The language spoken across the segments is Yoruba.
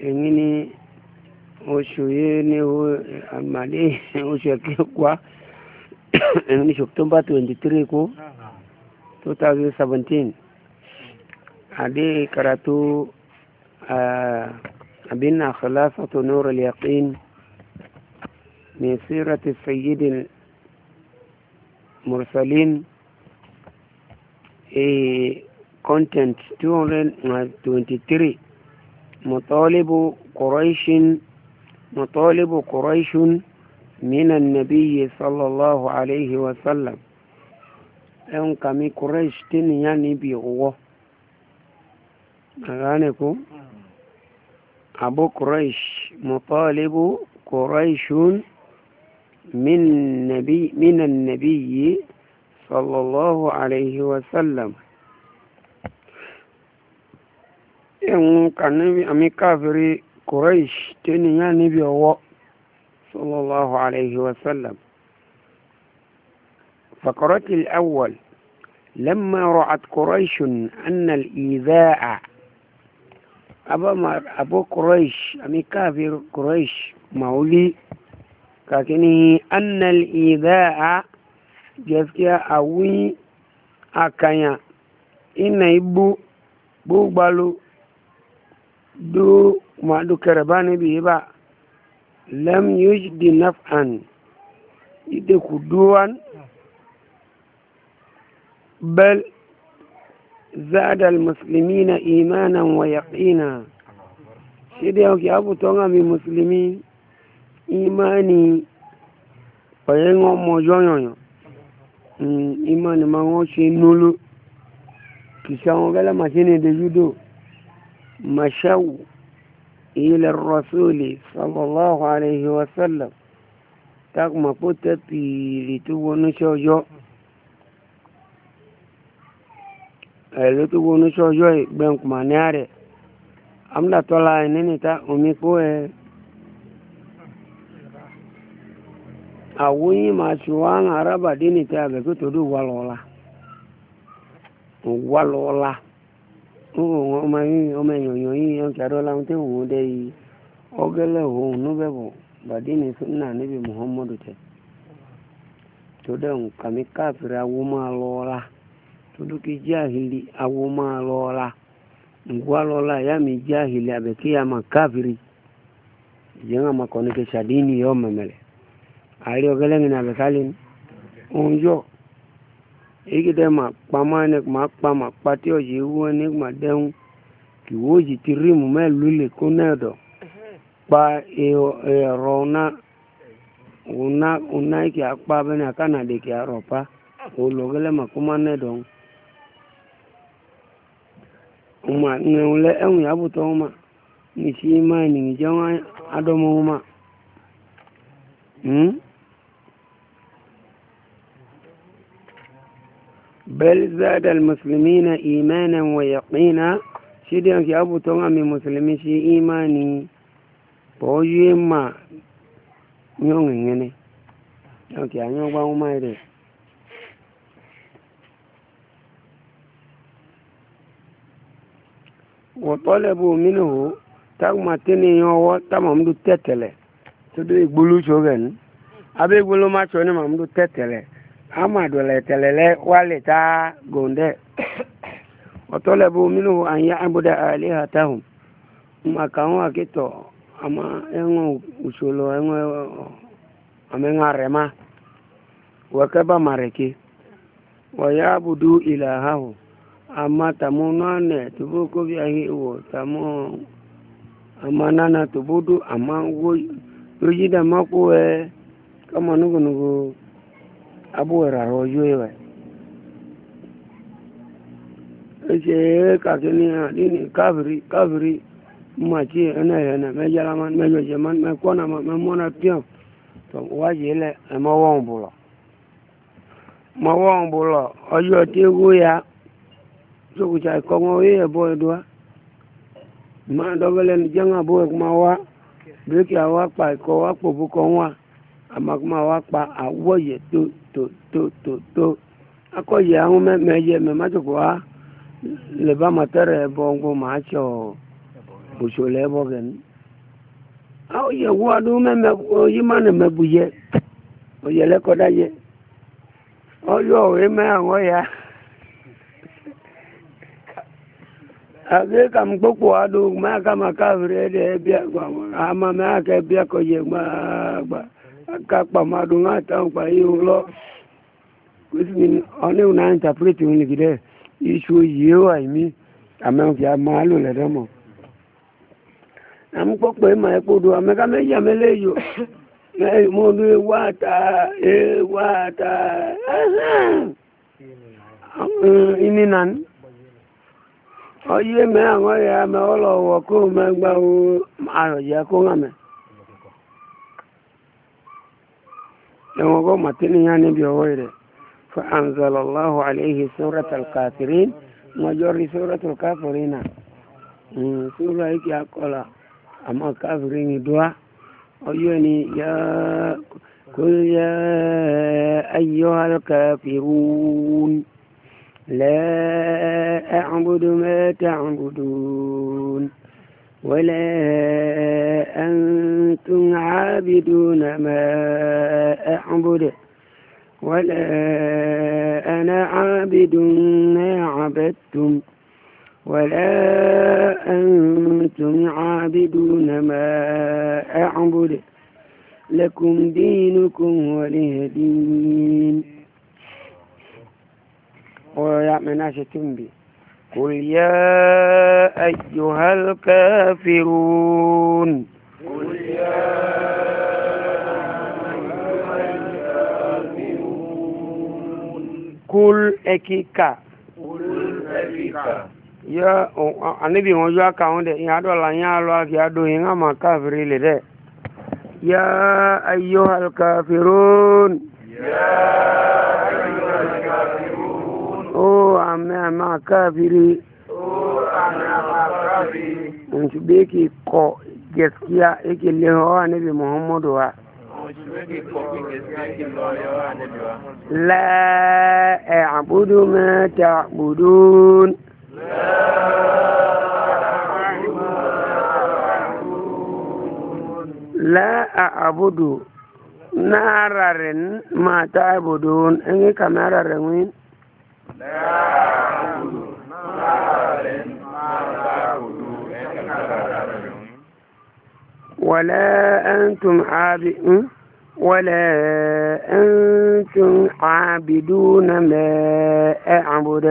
èyí ni oṣù yìí ní àmàlẹ́ oṣù ẹ̀kẹ́kwá èyí ní october twenty three kó two thousand seventeen àdé karatu abin akhlafatu nur al-yaqin min sirati sayyidil mursalin a content 223 مطالب قريش مطالب قريش من النبي صلى الله عليه وسلم ان كمي قريش تن يعني بي هو أغانيكم أبو قريش مطالب قريش من نبي من النبي صلى الله عليه وسلم ẹ̀wọ̀n kàníbi àmì káfírí kùrẹ́ṣ tẹ́niyàn نبي هو صلى الله عليه وسلم فقرت الأول لما رعت قريش أن الإيذاء أبا أبو قريش أمي كافر قريش مولي كاكنه أن الإيذاء gaskiya a wuyi a kanya ina ibu bugbalo do ma dukar ba ne bi ba lam yujdi naf'an ide ku duwan bal zada almuslimina imanan wa yaqina shi yau ki abu tonga mi muslimi imani fayen ọmọ yọnyọnyọ ìmọ̀ eh, ni ma wọ́n ṣe nóló kìsà wọn gẹ́lẹ́ màṣínì de judo màṣáwù ilẹ̀ rọ́sọ́ọ̀lì sọlọ́láhùn àlẹ́hìn wàsálàm tákùmọ̀ pó tẹ́pìrì tó wọnú ṣọ́jọ́ ẹ̀rọ tó wọnú ṣọ́jọ́ ìgbẹ̀ǹkùmọ̀ ní àrẹ̀ amúdàtọ́lá ẹ̀ nínú ìta omi kó ẹ̀. àwòyìn máa ṣe wá ń ta dé ní tẹ́ àbẹ̀ pé tòdó wà lọ́la wà lọ́la ọmọ yìí ọmọ èèyàn yìí ọkẹ́ àdọ́lá ń tẹ́ òun dẹ́ yìí ọgẹ́lẹ̀ òun níbẹ̀ bọ̀ bàdé ní sunna níbi muhammadu tẹ awo ngwa mi àrí ọgẹlẹ́yìn ní àbẹ̀sálẹ̀ ni òun yọ èyí dẹ́ mà pamọ́ ẹni mà pa mà pa tí ọ̀yẹ́ wú ẹni mà dẹ́hùn kì wọ́n yìí ti rímù mẹ́lú lè kó náà dọ̀ pa ẹ̀rọ ọ̀nà ọ̀nà ọ̀nà kì á pa abẹ́ni àkànnàdé kì á rọ̀ pa òun lọ́gẹ́lẹ́ mà kó má náà dọ̀ ọmọ ẹ̀hún lẹ́ ẹ̀hún yàbùtọ̀ ọmọ nìṣí máa nìyí jẹun adọ́mọ́ ọmọ. بل زاد المسلمين إيمانا ويقينا شديان كي أبو تونغا مسلمي شي إيماني بوجي ما نيونغ نيني نيونغ كي أنيونغ باو مايري وطلبوا منه تاما تيني يوو تاما مدو تتلي تدو يقبلو شوغن أبي يقبلو ما شوني ما تتلي ama dole telele wale ta gonde watolabu minhu an ya'buda alihatahum maka wa kito ama engo usolo engo amenga rema wakaba mareki wayabudu ilahahu ama tamunane tubuko vyahi uwo tamu amanana tubudu ama wo yojida makuwe kama nugu nugu abúwẹ̀rẹ̀ àrọ̀ ọjọ́ ìwẹ̀ ẹ̀ṣẹ̀ ẹ̀ẹ́ kàkiri àdínì káfìrí káfìrí mmachi ẹ̀nà ẹ̀nà mẹ́jọ́lá máa mẹ́jọ́ jẹ́ máa mẹ́kọ́nà máa mẹ́mọ́nà píọ̀n tó wájì lẹ̀ ẹ̀mọ́wọ́n bùlọ̀ mọ́wọ́n bùlọ̀ ọjọ́ tí ewu ya sókùtà ìkọ́mọ́ oyè ẹ̀bọ́ ẹ̀dùá máa dọ́gbẹ́lẹ́ ní jẹ́wọ́n àbúrò ẹ̀kọ́mọ́ wa bíríkì àwa pa ìkọ́ wa pòbúkọ́ wa àmàkùmá wa pa àwọ̀yẹ̀ tó to to to to akɔ yi ahun mɛ mɛ ma tsoko wa le ba ma tɛ rɛ bɔ ma tsɔ o yi ma ne mɛ bu o yɛ lɛ kɔ da ya kam ma ka ɣe ɖe bia ama ma aka bia kɔ aka kpamadu ŋa ta ŋkpa yi wo lɔ which mean ɔne wo na interpret wo nigi dɛ isu yie wo ayimi ame wo fia ma alo le ɖe mɔ ame kpɔkpɔ ema ekpo do ame ka me yi ame le yi o mo do ewa ta ewa ta ini nan ɔyi eme aŋɔ ya ame ɔlɔ wɔ ko me gba wo ayɔ ya ko ŋa me. لما قوم تنيا نبي ويره فأنزل الله عليه سورة الكافرين مجري سورة الكافرين سورة هيك يقول أما كافرين دعاء أيوني يا قل يا أيها الكافرون لا أعبد ما تعبدون ولا أنتم عابدون ما أعبد ولا أنا عابد ما عبدتم ولا أنتم عابدون ما أعبد لكم دينكم وله دين ويعمل ناشة تنبي قل يا أيها الكافرون قل يا أيها الكافرون قل أكيكا ya anibi wọn yọ aka wọn dẹ ya dọla ya alọ afi ado yin ama kafiri le dẹ ya ayyuhal kafirun máa káàbìrì mùsùlùmí kì í kọ gẹ̀ẹ́sìkíyà èkè lè họ́ àníbi muhammadu wa. لا أعبد ما تعبدون لا أعبد نارا ما تعبدون إني كما رارين لا àbùdù máa rẹ̀ máa bá àbùdù ẹ̀ka bàbá rẹ̀. wàlẹ́ ẹ̀ńtùm àbí ń. ولا أنتم عابدون ما أعبد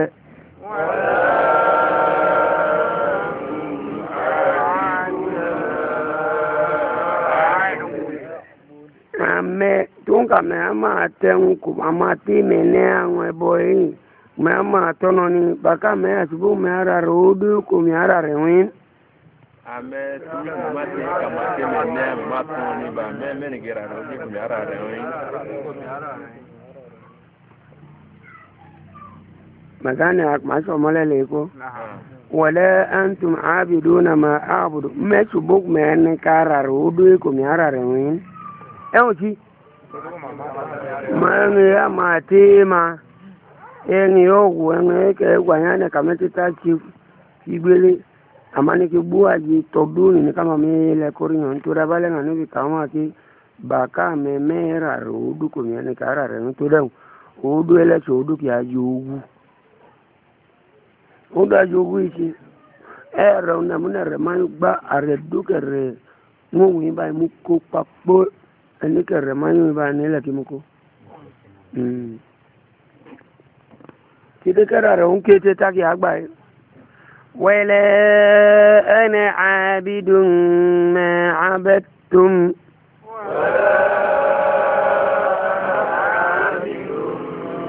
Ame tó ń kà mẹ́ a máa tẹun kò a máa tí mi ní àwọn ẹbọ yìí. mɛ ama nọ ni baka mɛ asibo mɛ ara odo o do ko mɛ ame rɛ win. amɛ ma se kama se mɛ nɛ ma tɔn ni ba mɛ mɛ ne kɛra rɛ o de kun bɛ ara rɛ win. magani a kuma sɔ mɔlɛ le ko. wale an tun abidu na ma abudu mɛ subo mɛ ni ka ara rɛ o do ko mɛ ara rɛ win. ɛn o ti. mɛ ni ya ma te ma. enyi ya ọgwụ eke gwanye anya ka metụta chigbele amanike gbuo aji tọgbu nini kama mele kori yon tura bale ngani bi kama ki baka me me rare odu ko ya ka rare no tura odu ele so odu ki aji ogu odu aji ogu iki ẹ̀rọ nàmúnà rẹ̀ máa ń gbá ààrẹ dókẹ̀rẹ̀ كذكر رون كيتي تاكي أكبر ولا أنا عابد ما عبدتم ولا عابد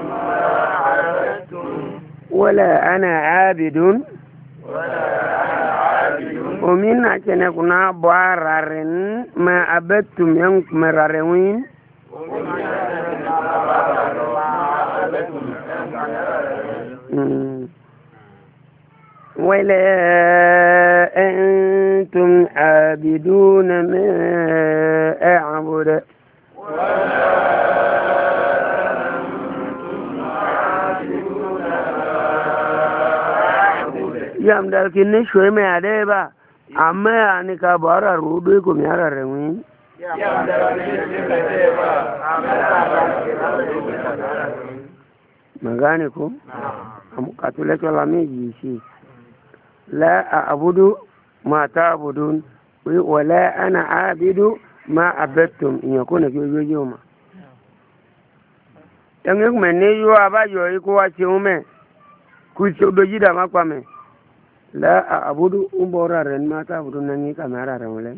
ما عبدتم ولا أنا عابد ومن أتنكنا بارارن ما عبدتم ينك مرارين ولا أنتم عابدون ما أعبد ولا أنتم عابدون ما يام دالكن شوي ما عديبا أما يعني كبار رودكم يا رمين يام دالكن شوي ما عديبا أما يعني كبار رودكم يا رمين magane ko amukatulekela meji isi لا أعبد ما تعبدون ولا أنا عابد ما عبدتم إن يكون في يوم ẹ̀mí kùmẹ̀ ní yóò abájọ ikú wá ṣe ń mẹ́ kú ṣe ó dojú dàmá pa mẹ́ lẹ́ àbúdú ń bọ́ ọ̀rọ̀ rẹ̀ ní mátà àbúdú náà ní kàmí ara rẹ̀ wọlé.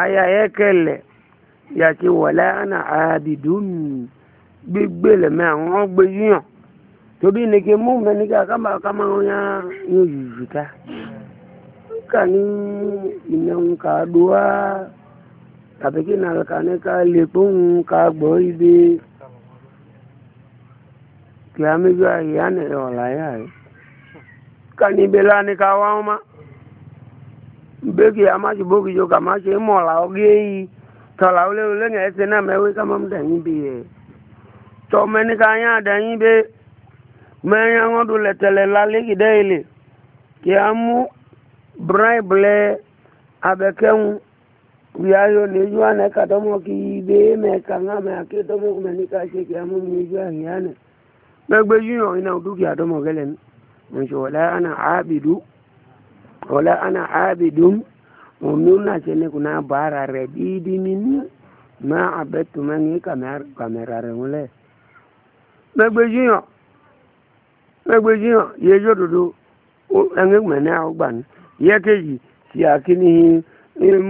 aya yẹ kẹlẹ̀ yàtí wọ̀lẹ́ àná àbìdú gbígbé lẹ́mẹ́ àwọn gbé yíyàn torí nìke mú mẹ nìke àkàmà àkàmà ọ̀yà yóò yùyù ta nkà ní ìnáwó ká dùwà àbíkí nàlùkà ní ká lè kóhùn ká gbọ́ ibi kí a méjì àyè á nìyẹn ọ̀la yà rẹ̀ nkà ní ibi lá ní ká wá wọn má bẹ́ẹ̀kì àmàṣe bókìjọ kàmáṣe mọ̀ọ́lá ọgẹ́ yìí tọ́lá olóòlù lẹ́yìn ẹsẹ̀ náà mẹ́wé ká mọ́ mú dàyín bí yẹ tọ́ mẹ́ni ká yá dàyín bẹ́ẹ̀ mẹ́rin àwọn ọdún lẹ́tẹ̀lẹ̀ lálẹ́ ìdẹ́ ilé kí a mú bribe lẹ abẹ́kẹ́hùn wíyáyọ ní ojú àná kàtọ́mọ́ kí ibè mẹ́ka ńlá mẹ́ akétọ́mọ́ kùmẹ́ ní ká ṣe kí a mú ní ojú àyíyá nà mẹ́gbẹ́ yíyan iná dúkìá tọmọ gẹ́lẹ́ ní mọ̀ṣẹ́ wọlé àná àbìdú wọlé àná àbìdú omi náà ṣe ní kùnà bàárà rẹ̀ dídí nínú máa àbẹ́tùmọ́ ní kàmẹ́rà rẹ̀ wọlé mẹ́gbẹ́ yíyan. mẹ́gbẹ́jì hàn yẹ yóò dodo ẹ̀ńgẹ́ mẹ́nẹ́ àgbà keji si kéjì tí e e a kí ni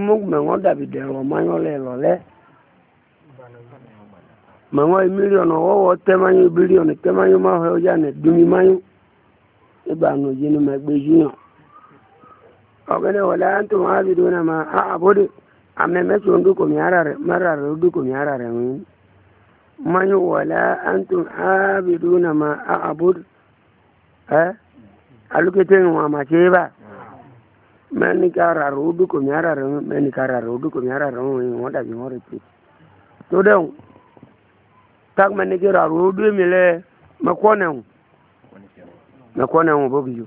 mọ́gbẹ́ ọla dàbí dẹ̀rọ mayọ́lẹ̀ lọ́lẹ́ dumi ni mẹ́gbẹ́jì hàn wọlé àǹtí wọn á fi dúró náà máa àbọ̀dé àmẹ́mẹ́tò ń dúkọ̀ mi ara rẹ̀ mẹ́ra rẹ̀ ó dúkọ̀ mi ara rẹ̀ ń. من ولا أنتم eh alukete wa macheba meni kara rudu ko nyara ru meni kara rudu ko nyara ru ngoda jimore ti to de tak meni kara rudu mile makone makone mo bobiyo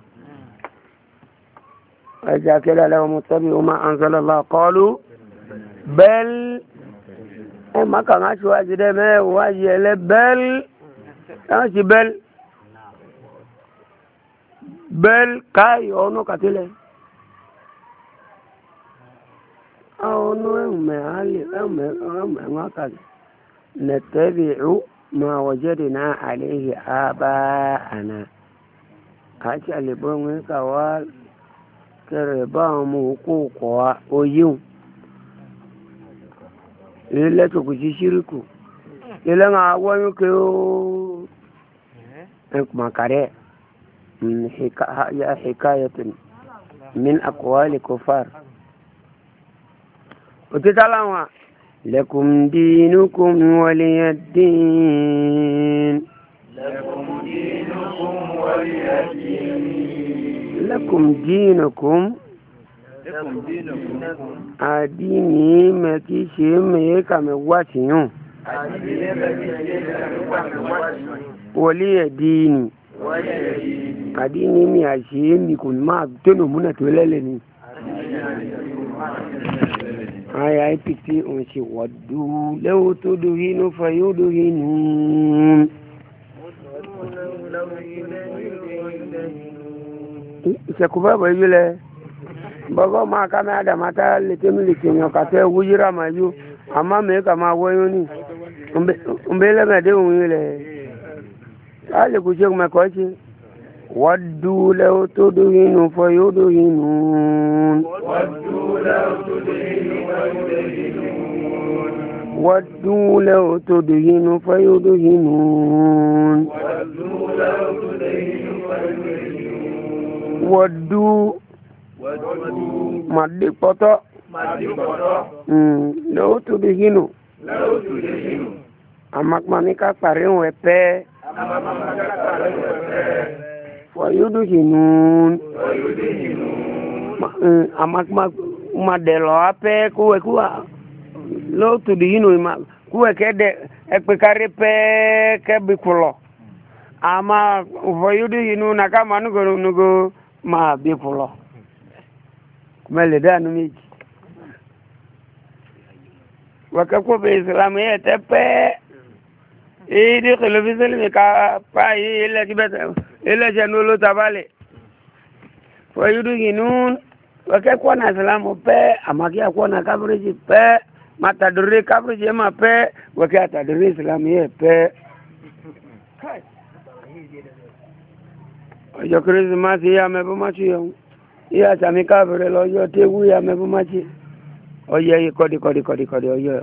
aja kala la mutabi ma anzala allah qalu bal e maka ngacho ajide me wa yele bal ngacho Bel. bel kai ono katile a ono eme ali eme eme ngakale natabi'u ma wajadna alayhi aba'ana kaci alibon ka wa kere ba mu ko ko oyun ile to ku shiriku ile nga awon ke o en eh? kuma kare من حكاية, حكاية من أقوال كفار وتتلوى لكم دينكم ولي الدين لكم دينكم ولي الدين لكم دينكم لكم دينكم أديني ما كيشم يكام واتيون أديني ما كيشم kàdí ní mi àṣẹ mi kò ní máa tónù múnà tó lẹ́lẹ̀ ni. àyà ipt òun ṣe wọ̀dù lẹ́wọ́ tó dorí inú fa yóò dorí inú. ìṣẹ̀kùbá bọ̀ yí lẹ bọ́gọ́ máa ká mẹ́ àdàmátá létí mi lè kéèyàn kàtẹ́ wúyíra màá yó àmọ́ mi kà máa wọ́yún ní nbẹ́lẹ́mẹ̀dé òun yí lẹ̀ á lè kú ṣe kùmẹ̀kọ́ ṣe. ودوا لو تدهن فيدهنون ودوا لو تدهن فيدهنون ودوا لو تدهن فيدهنون ودوا مادي بطا لو تدهن لو تدهن أماك مانيكا فارين ويبي أماك مانيكا wayuduhinun amak mak ma delo ape kuwe kuwa lo tudihinu ma kuwe kede ekpekari pe kebi kulo ama wayuduhinun akama nugo nugo ma bi kulo kumele danu miji wakakuwa be islamu yete pe idi kulubisilmi ka pa yi ile kibete ilẹ̀ṣẹ̀ ní olótabalẹ̀ fọyúdúgìnú wẹ́kẹ́ kọ́nà ìsìlámù pẹ́ àmàkí àkọ́nà káfíríjì pẹ́ màtàdúrí káfíríjì ẹ̀mà pẹ́ wẹ́kẹ́ àtàdúrí ìsìlámù yẹ pẹ́. ọjọ́ kérésìmásì yá mẹ́bí máṣí yẹn yíyá sàmì káfíríjì lọ́jọ́ téwú yá mẹ́bí máṣí ọjọ́ yìí kọ́dí kọ́dí kọ́dí kọ́dí ọjọ́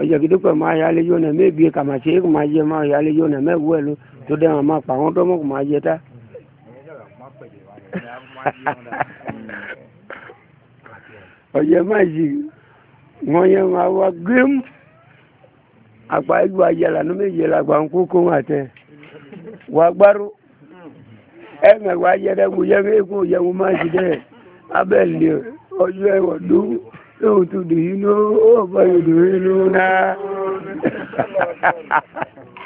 ọjọ́ kìdúpẹ̀ máa yálé nà mẹ́bí kàmáṣe kò máa yẹ máa yálé nà mẹ́wú ẹ̀ lóyún tó dẹ́ wọn máa pa àwọn dọ́mọ̀ kò máa yẹ tá. ọ̀yẹ́ máa yí wọ́n yẹ máa wá gírín àpá ìlú ayẹlà ní méje làgbà ń kó kó wọn àtẹ wà gbárò ẹ̀mẹ̀ wà yẹ̀dẹ̀kù yẹ̀mẹ̀kù yẹ̀mù máa ṣì dẹ̀ abẹ́lẹ̀ ọjọ́ ẹ̀wọ̀ lóhùn lóhùn tó dùn yìí ló ó bọ̀ yìí dùn yìí lóhùn náà.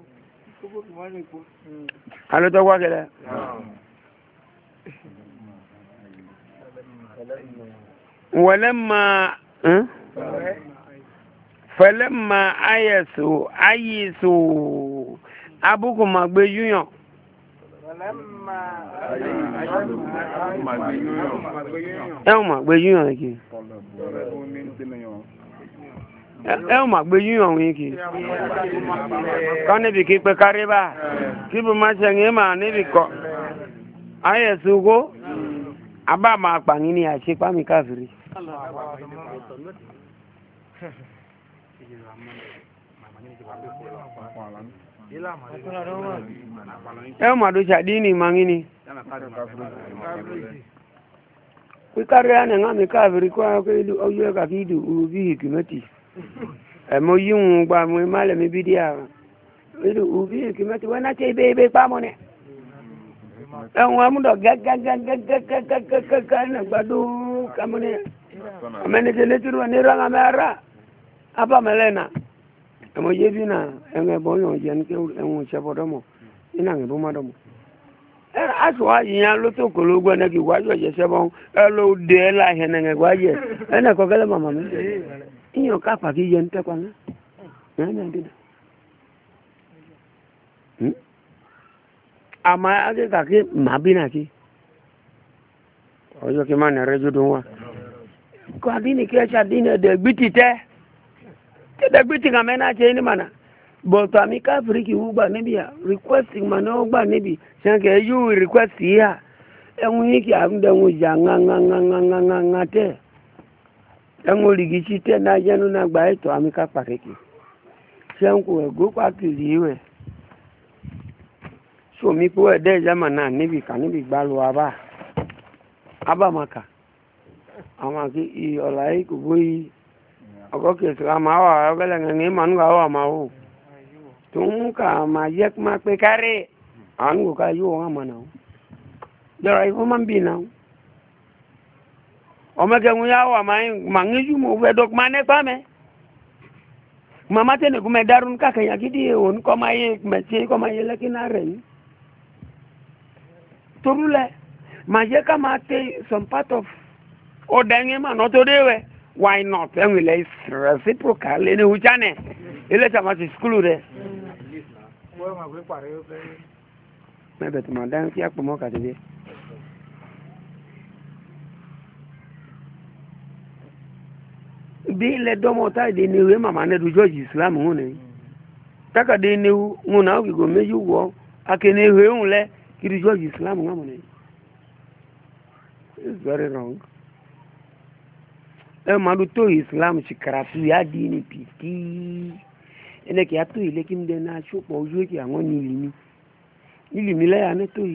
alótọ́ wá kẹlẹ́. wẹlẹ́mà fẹlẹ́mà ayẹ̀sù ayẹ̀sù abúkù màgbé yúyàn. ẹ̀wọ̀n màgbé yúyàn kì í ẹ ò mà gbé yíyan òun yìí kì í kọ́ níbi kí pé kárí bá kí bí má ṣe ń mà níbi kọ́ ayẹ̀sùn kó abá máa pààyàn ní àṣepámi káfíìrì. ẹ mà dùn ṣàdínì màngínì kwikari ya na ngami kafiri kwa kweli oyo kakidu ubihi kimeti ẹ̀mọ yí ń gba àwọn ìmọ̀lẹ̀mí bí díà irú òbí ìkìmẹ́tì wọn náà ṣe ibé ibé ni ẹ̀wọ̀n amúdọ̀ gẹ́gẹ́gẹ́gẹ́gẹ́gẹ́gẹ́ ní nà yé nà ní kolo mi. iyo kafa ki yente kwa nga nana dida hmm? ama ake kaki mabina ki ojo ki mane reju dunwa kwa dini kesha dini de gbiti te te de gbiti kamena che ni mana but ami kafiri ki ugba nibi ya request mana ugba nibi shanke you request here ẹ̀wọ̀n yìí kì í àdúgbò ẹ̀wọ̀n ìjà ńláńláńláńláńlá tẹ̀ ẹ̀wọ̀n olùgìsí tẹ́ náà jẹ́nu náà gba ètò àmì kápá kékeré ṣẹ́ńkù ẹ̀gbó pàkìlì rẹ̀ sómi pé ẹ̀dẹ́ ìjàmà náà níbi kà níbi gbá lu abá abámakà àwọn àti ìyọ̀lá yìí kò bó yìí ọkọ̀ kìsì ká máa wà ọ̀gẹ́lẹ̀ ní ìmọ̀nù ká wà máa wò tó ń kà máa yẹ kó máa pé kárí àwọn kò yóò wọn àmọ̀ náà jọ̀rọ̀ omeke ŋun ya wa ma ma ŋiju mo fɛ dɔ kuma ne kpa mɛ mama tɛ ne kuma darun ka kɛ yakidi ye o ni kɔma ye mɛ tiɲɛ kɔma ye lɛ kina rɛ yi toru lɛ ma ye kama te some part of o dɛŋɛ ma nɔtɔ de wɛ why not ɛŋu lɛ reciprocal lɛ ne wutsa nɛ ele sama ti sukulu dɛ. mɛ bɛtuma dɛŋ fia kpɔmɔ ka tɛ bi. bi le dɔmɔ ta de ne mama ne do islam ŋu ne taka na awi meji meju wɔ ake ne we lẹ lɛ kiri jọji islam ŋa mu it's very wrong ɛ ma do to islam si karatu ya di ni piti ile kim de na so ojú àwọn ne to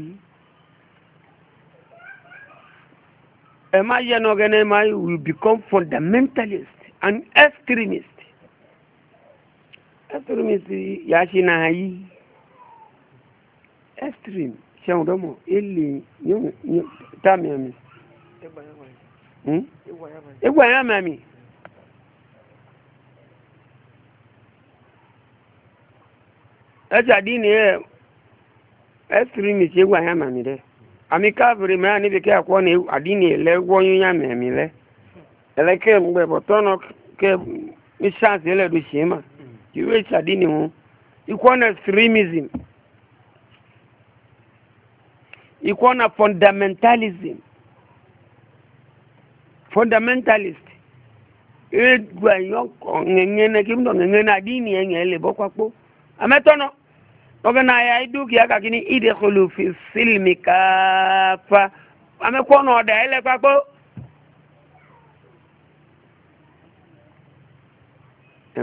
ma an extremist extremist ya shi na hayi extreme ṣẹun dọ́mọ̀ ilé tàmì àmì ẹgbà ya mami ẹjàdí ni ẹ extremist ẹgbà ya mami rẹ àmì káàbìrì mẹ́ra níbi kí àkọ́ ni àdí ni ẹ̀lẹ́gbọ́ eleke mgbe botono ke misansi ele du shima kiwe cha dini mu extremism iko fundamentalism fundamentalist egwa yoko ngengene kimdo ngengene adini yenye ele bokwakpo ametono oge na ya iduki aka kini idkhulu fi silmi kafa amekono da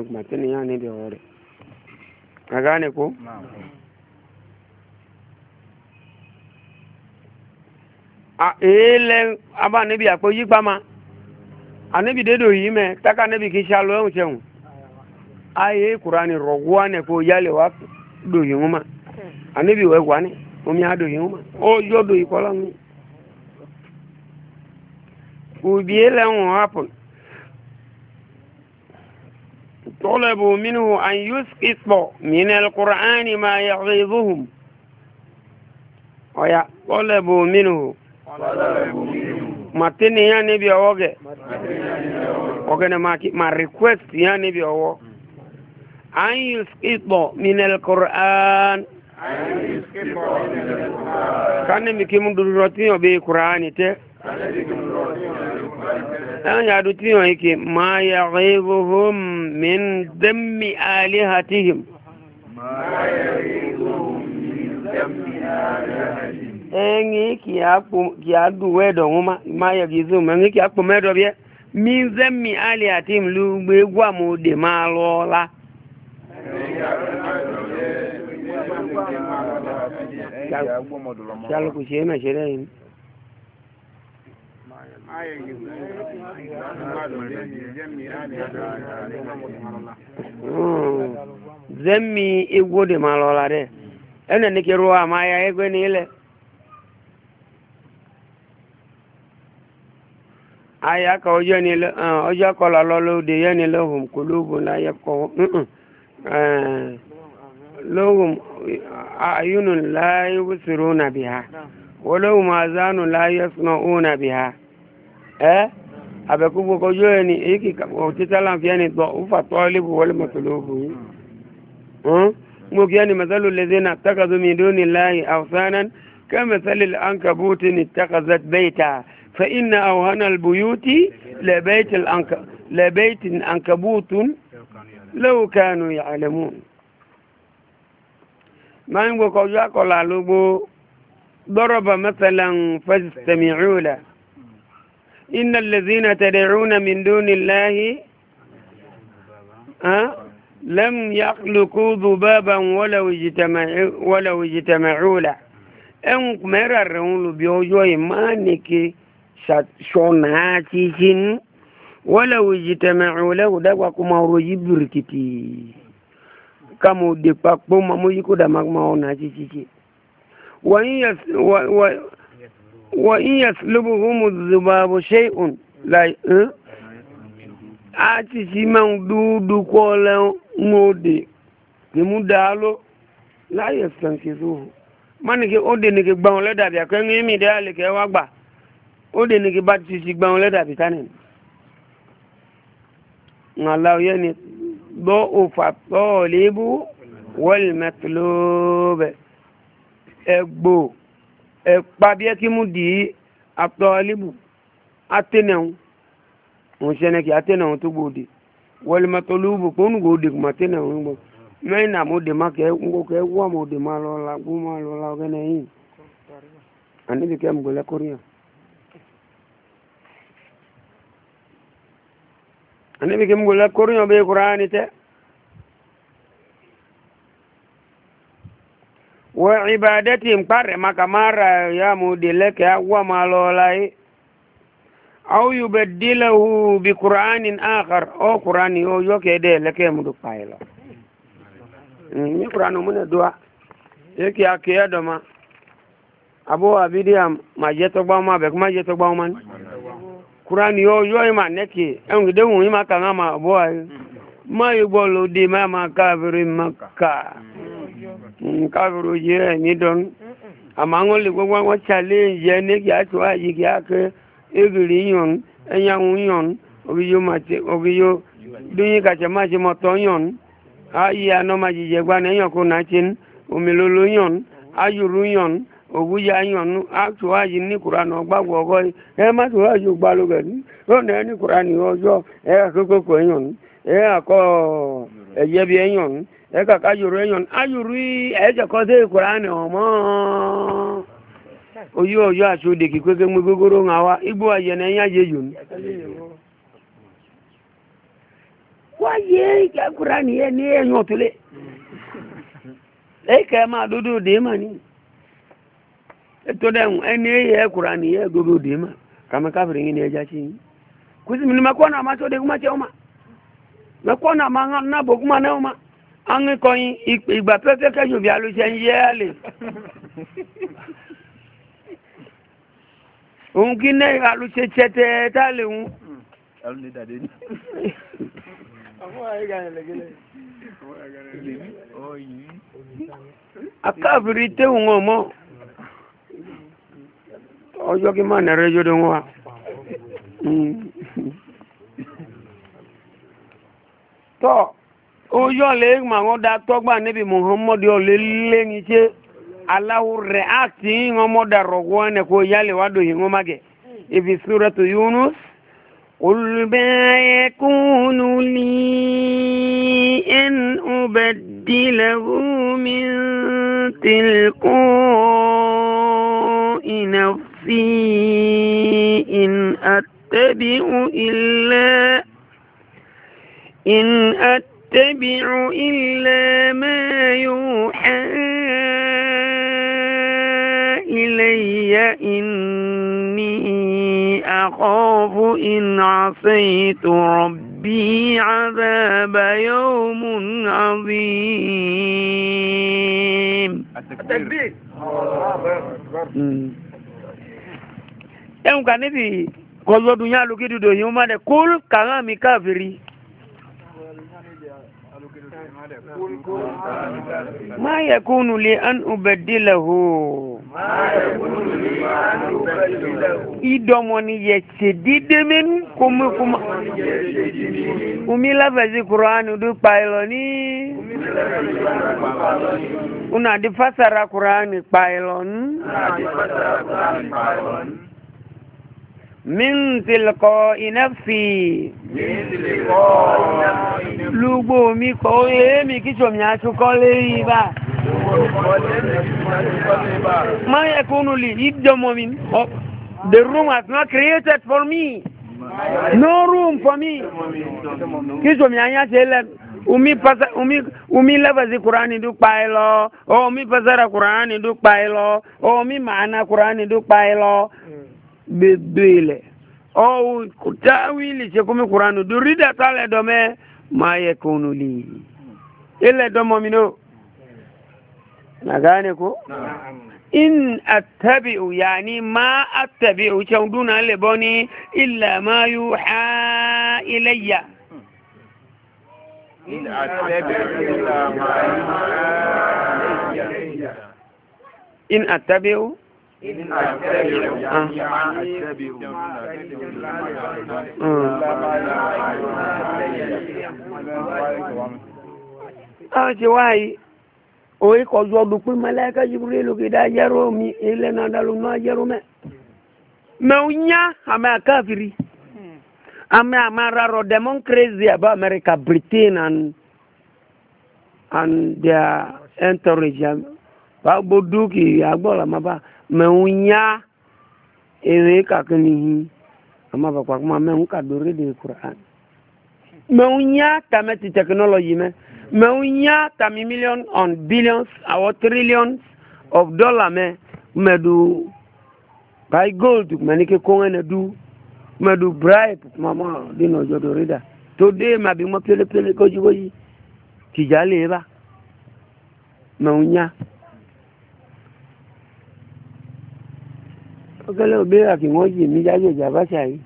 kuma tuni ya ne da wuri a gane ko? a ilẹ̀ abá níbi àpò yípa ma a níbi dédò yìí mẹ́ tákà níbi kì í ṣe alọ́ ẹ̀hùn ṣẹ̀hùn ayé kùránì rọ̀gbọ́ ní kò yálẹ̀ wá dò yìí mú ma a níbi wẹ̀ wá ní omi àdò yìí mú ma ó yọ́ dò yìí kọ́lá mi. ubi ilẹ̀ apple طلبوا منه أن يسقط من القرآن ما يغيظهم ويا طلبوا منه matini ya ne bi owo ge oge na maki ma request ya ne bi owo an yusqito min alquran kan mi kimu duroti obe qur'ani te kan mi kimu anya duti wa yake ma ya ghaibuhum min dammi alihatihim ma ya ghaibuhum enyi ki akpo ki adu wedo ma ma ya gizu ma enyi ki gwa Hmm. zemi igwo dị ma lọla dị ene nike ruo ama ya egwe niile aya ka ọjọ niile ọjọ kọlọ lọlọ ụdị ya niile hụm kulubu la ya kọ lohum ayunun la yubsiruna biha wa lahum azanun la yasma'una biha eh abẹ́kúgbò kọjú ẹ̀ ni èyí kìkà òtítà láàfíà ni tọ́ ufa tọ́lébù wọlé mọ̀tòlóbù yìí mo kí ẹni mẹ́sàlù lẹ́sẹ̀ náà takazu mi dóni láàyè àwòsánán kẹ́ mẹ́sàlù ankabuti ni takazu bẹ́ẹ̀ta fẹ́ iná àwòhánà buyuti lẹ́bẹ̀ẹ́tì ankabutun lẹ́wọ̀ kánú yàlẹ́mú. máa ń gbọ́ kọjú akọ̀là lógbó ضرب مثلا فاستمعوا له إن الذين تدعون من دون الله أه؟ لم يخلقوا ذبابا ولو اجتمعوا ولو اجتمعوا له ان مرر رول بيوجو يمانك شوناتيشن ولو اجتمعوا له دغوا كما روجي بركتي كما دي باكو مامو يكو دماغ ما اوناتيشي وان يس و... و wa in yaslubuhum adh-dhubabu shay'un la eh? ati si man dudu ko le ngode ke mu dalo la yastankizuhu man ke ode ni ke gbon le dabi ko ngi mi de ale ke wa gba ode ni ke ba ti si gbon le dabi tanen ngala ye ni do o tolibu wal matlub egbo ẹ̀pàbíẹ́ kí mú dì í àtọ́ alíbù òun ṣẹ́nẹ́ kí atẹ́nẹ̀hún tó gbòde wọlẹ́mọ́tò lóòbù kó ń gbòde kò máa tẹ́nẹ̀hún gbọ́ òde má kẹ́ ń kókẹ́ wọ́ òde má lọ la gbó má lọ la ọ̀gẹ́ náà yìí àníbi wa ibadatin maka mara ya mu dileke agwa malolai au yubaddilahu bi qur'anin akhar o qur'ani o yoke de leke mu du pailo hmm, ni qur'anu mun dua yake akia do hmm. ma abo abidiya maje to gba ma be kuma je to gba ma qur'ani o yo ma neki en de won ma kan ma bo ma yugo lo de ma ma kafiri makka hmm. káàbùrù yé ẹ̀mí dọ́nu àmọ́ àwọn olè gbogbo àwọn challenge yẹn ní kí á tó àyè kí á ké egiri yọ̀n ẹ̀yàwó yọ̀n òbí yóò dúnyìn kàtsẹ̀ má ṣe mọ̀tọ́ yọ̀n ma anọ́mà jìjẹ gbani ẹ̀yàn kò náà tsin omi lolo yọ̀n ayòrò yọ̀n òwúyà yọ̀n àtò àyè ní kuranà gbàgbọ́ ọkọ yìí eka ka ayuru enyon ayuru eja kothe kurani omo oyo oyo achu de ki kwege mwegogoro ngawa ibu aye na enya jejun kwa ye ka kurani ye ni enyo tule eka ma dudu de mani eto de en ye kurani ye dudu de ma kama ka bringi ne ja chi kuzi mini makona macho de kumache oma makona manga na bokuma na oma aŋekọyin ìgbà pẹ́pẹ́ kẹjọ bí alóṣẹ ń yẹ́ àlè òun kí ní alóṣẹ tẹ́tẹ́ tá lè ń. akáàbìrì téwùn ọmọ ọjọ́ kí má nàrẹ́ de wọn wa. Hmm. tọ́ ojo le mango da togba nebi muhammad yo le le ni che alahu react ngomo da rogo ne ko yale wado hingo mage ibi suratu yunus قل ما يكون لي أن أبدله من تلقاء نفسي إن أتبع إلا إن أتبع أتبع إلا ما يوحى إلي إني أخاف إن عصيت ربي عذاب يوم عظيم التكبير ẹ̀hùn kà níbi kọlọ́dún yá lókè dúdò yìí ó má dẹ̀ kúl kàrán mi káàfìrí ما يكون لي أن أبدله idomoni yesedide min kuma kuma umi lafazi qur'ani du pailoni una di fasara qur'ani pailon min tilkọ inafi lugbo mi kọ oye mi kíṣò mi àtúkọ́ lérí bá ma yẹ kúnnù lè ìjọmọ mi the room has not created for me no room for me kíṣò mi àyà lẹ umi pasa umi umi lafazi qur'ani du kpailo o umi fasara qur'ani du kpailo o umi maana qur'ani du kpailo bebele au kutawili chekumi kuranu durida tale dome mayekunu li ile domo mino nagane ko in atabi yani ma attabi'u chauduna ile boni illa ma yuha ilayya in attabi'u illa ma yuha ilayya in attabi'u Àwọn ti wá yìí, òun kọjú ọdún pín mẹ́lẹ́kà jùbúrí lókèdá yẹ́rọ mi ilẹ̀ náà dàlú náà yẹ́rọ mẹ́. Mẹ́ o nyá àmì àkáfìrí, àmì àmàrà rọ̀ democracy about America, Britain and, and their entourage. Wàá gbó dúkìá gbọ́ mẹ̀hún yá ewé kàkínní yìí àmọ́ àpapọ̀ àkọ́mọ́ mẹ̀hún kàdó rédè kuran mẹ̀hún yá tàmẹ́ ti tẹkinọ́lọ́jì mẹ́ mẹ̀hún yá million on billions àwọn trillions of dollar mẹ́ mẹ́du by gold mẹ́ni ke kóńgẹ́ ní du mẹ́du bribe mọ́mọ́ dínà ọjọ́ dò rédà tó dé màbí mọ́ pélépélé kójúkójú tìjà lè bá mẹ̀hún yá. ọkẹlẹ òbẹ́rà kí wọ́n yè mí yáyọ̀ ìjàbáṣà yìí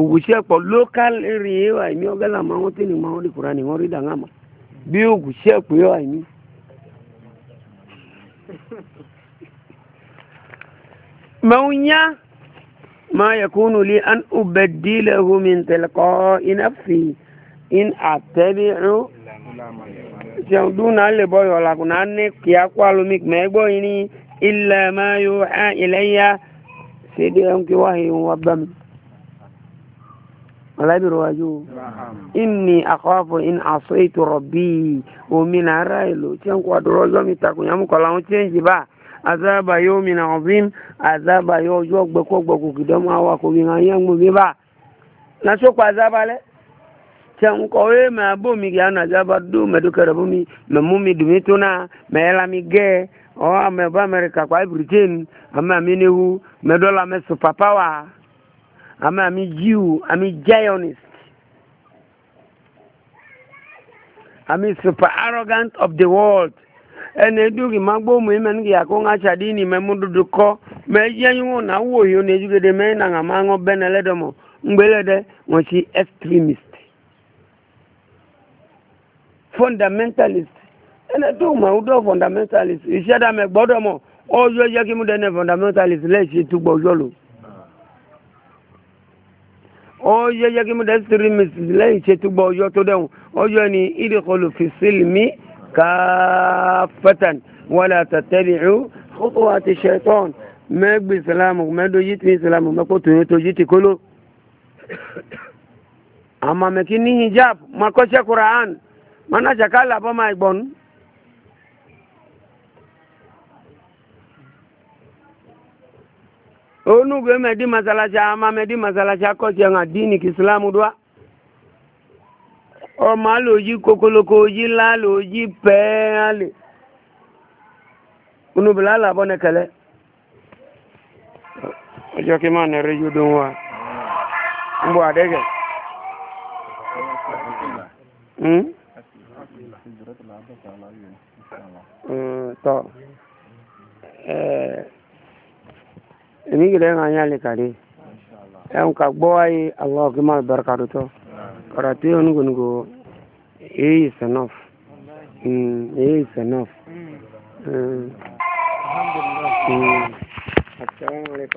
ògùṣẹ́ pọ̀ local area yìí wà ní ọgẹ́là máa wọ́n tẹ̀lé máa wọ́n rí kura ni wọ́n rí dàgbà mà bí ògùṣẹ́ pọ̀ yìí wà ní. mẹ́wọ́n yá máa yẹ kó nù lé an ọbẹ̀ dílé homi ntẹ̀lẹ́kọ́ iná fi in àtẹ́bírú ṣẹ̀dún náà lè bọ́ yọ̀ làkùnà ní kíákó alómi mẹ́gbọ́ yìí ní. إلا ما يوحى إلي سيدي يمكي وهي وبم ولا برواجو إني أخاف إن عصيت ربي ومن أرائلو تنكو أدروزو متاكو يامو كلاو تنجي با عذاب يوم عظيم عذاب يوم جوك بكوك بكوك دم أواكو بنا يامو ببا نسوك عذاب عليه can kɔwe mɛ abo mi gɛ ana zaba do mɛ do kɛrɛ bo mi mɛ mu mi dumi to mɛ ɛla mi ọ amẹbọ amẹrika kwa britain ame ami nehu mẹdọla mẹ superpower ame ami jew ami giant ami super arrogant of the world ẹnna edugi magbo mu ime ngi akọ nga chadi ni mẹ mu dudu kọ mẹ eji enyi wọn na wo yo na ejugede mẹ na nga ma ṅọ bẹ na ẹlẹdọmọ ngbẹlẹdẹ wọn si extremist fundamentalist ene tó mọ̀ ọ́ dọ̀ fundamentalist iṣẹ́ dàmẹ́ gbọ́dọ̀ mọ̀ ọjọ́ jẹ́ kí mú dẹ́nẹ́ fundamentalist lẹ́ẹ̀ṣẹ́ túgbọ̀ ọjọ́ lò ọjọ́ jẹ́ kí mú dẹ́ extremist lẹ́ẹ̀ṣẹ́ túgbọ̀ ọjọ́ tó dẹ̀hùn ọjọ́ ni wala fìsílmì káfẹ́tàn wọlé àtàtẹ́lẹ̀ ìhú kókó àti ṣẹ̀tọ́n mẹ́gbẹ̀ ìsìlámù mẹ́dọ̀ yìí ti ìsìlámù mẹ́kọ́ tòun tó yìí ti kóló àmàmẹ́kí ní hijab makọ́ṣẹ́ kuran manájà ká làbọ́ máa gbọ́n onugbe medi masalasi ama medi masalasi akɔsi ɛŋa adini kisilamu doa ɔma lòdzi kokoloko dzi la lòdzi pɛɛ ali onubila labɔ ne kɛlɛ ɔdzɔ kí ma nɛ rédíò dó wa ń bɔ adé kɛ hmm? hmm, èmi gẹ̀lẹ́ ń anyá lè kàdé ẹ̀hún ka gbọ́ wáyé aláwọ̀ kí máa bẹ̀rẹ̀ kàdó tọ́ kọ̀rọ̀ tí ó nígbò nígbò èyí is enough èyí hmm, is enough. Hmm. Hmm.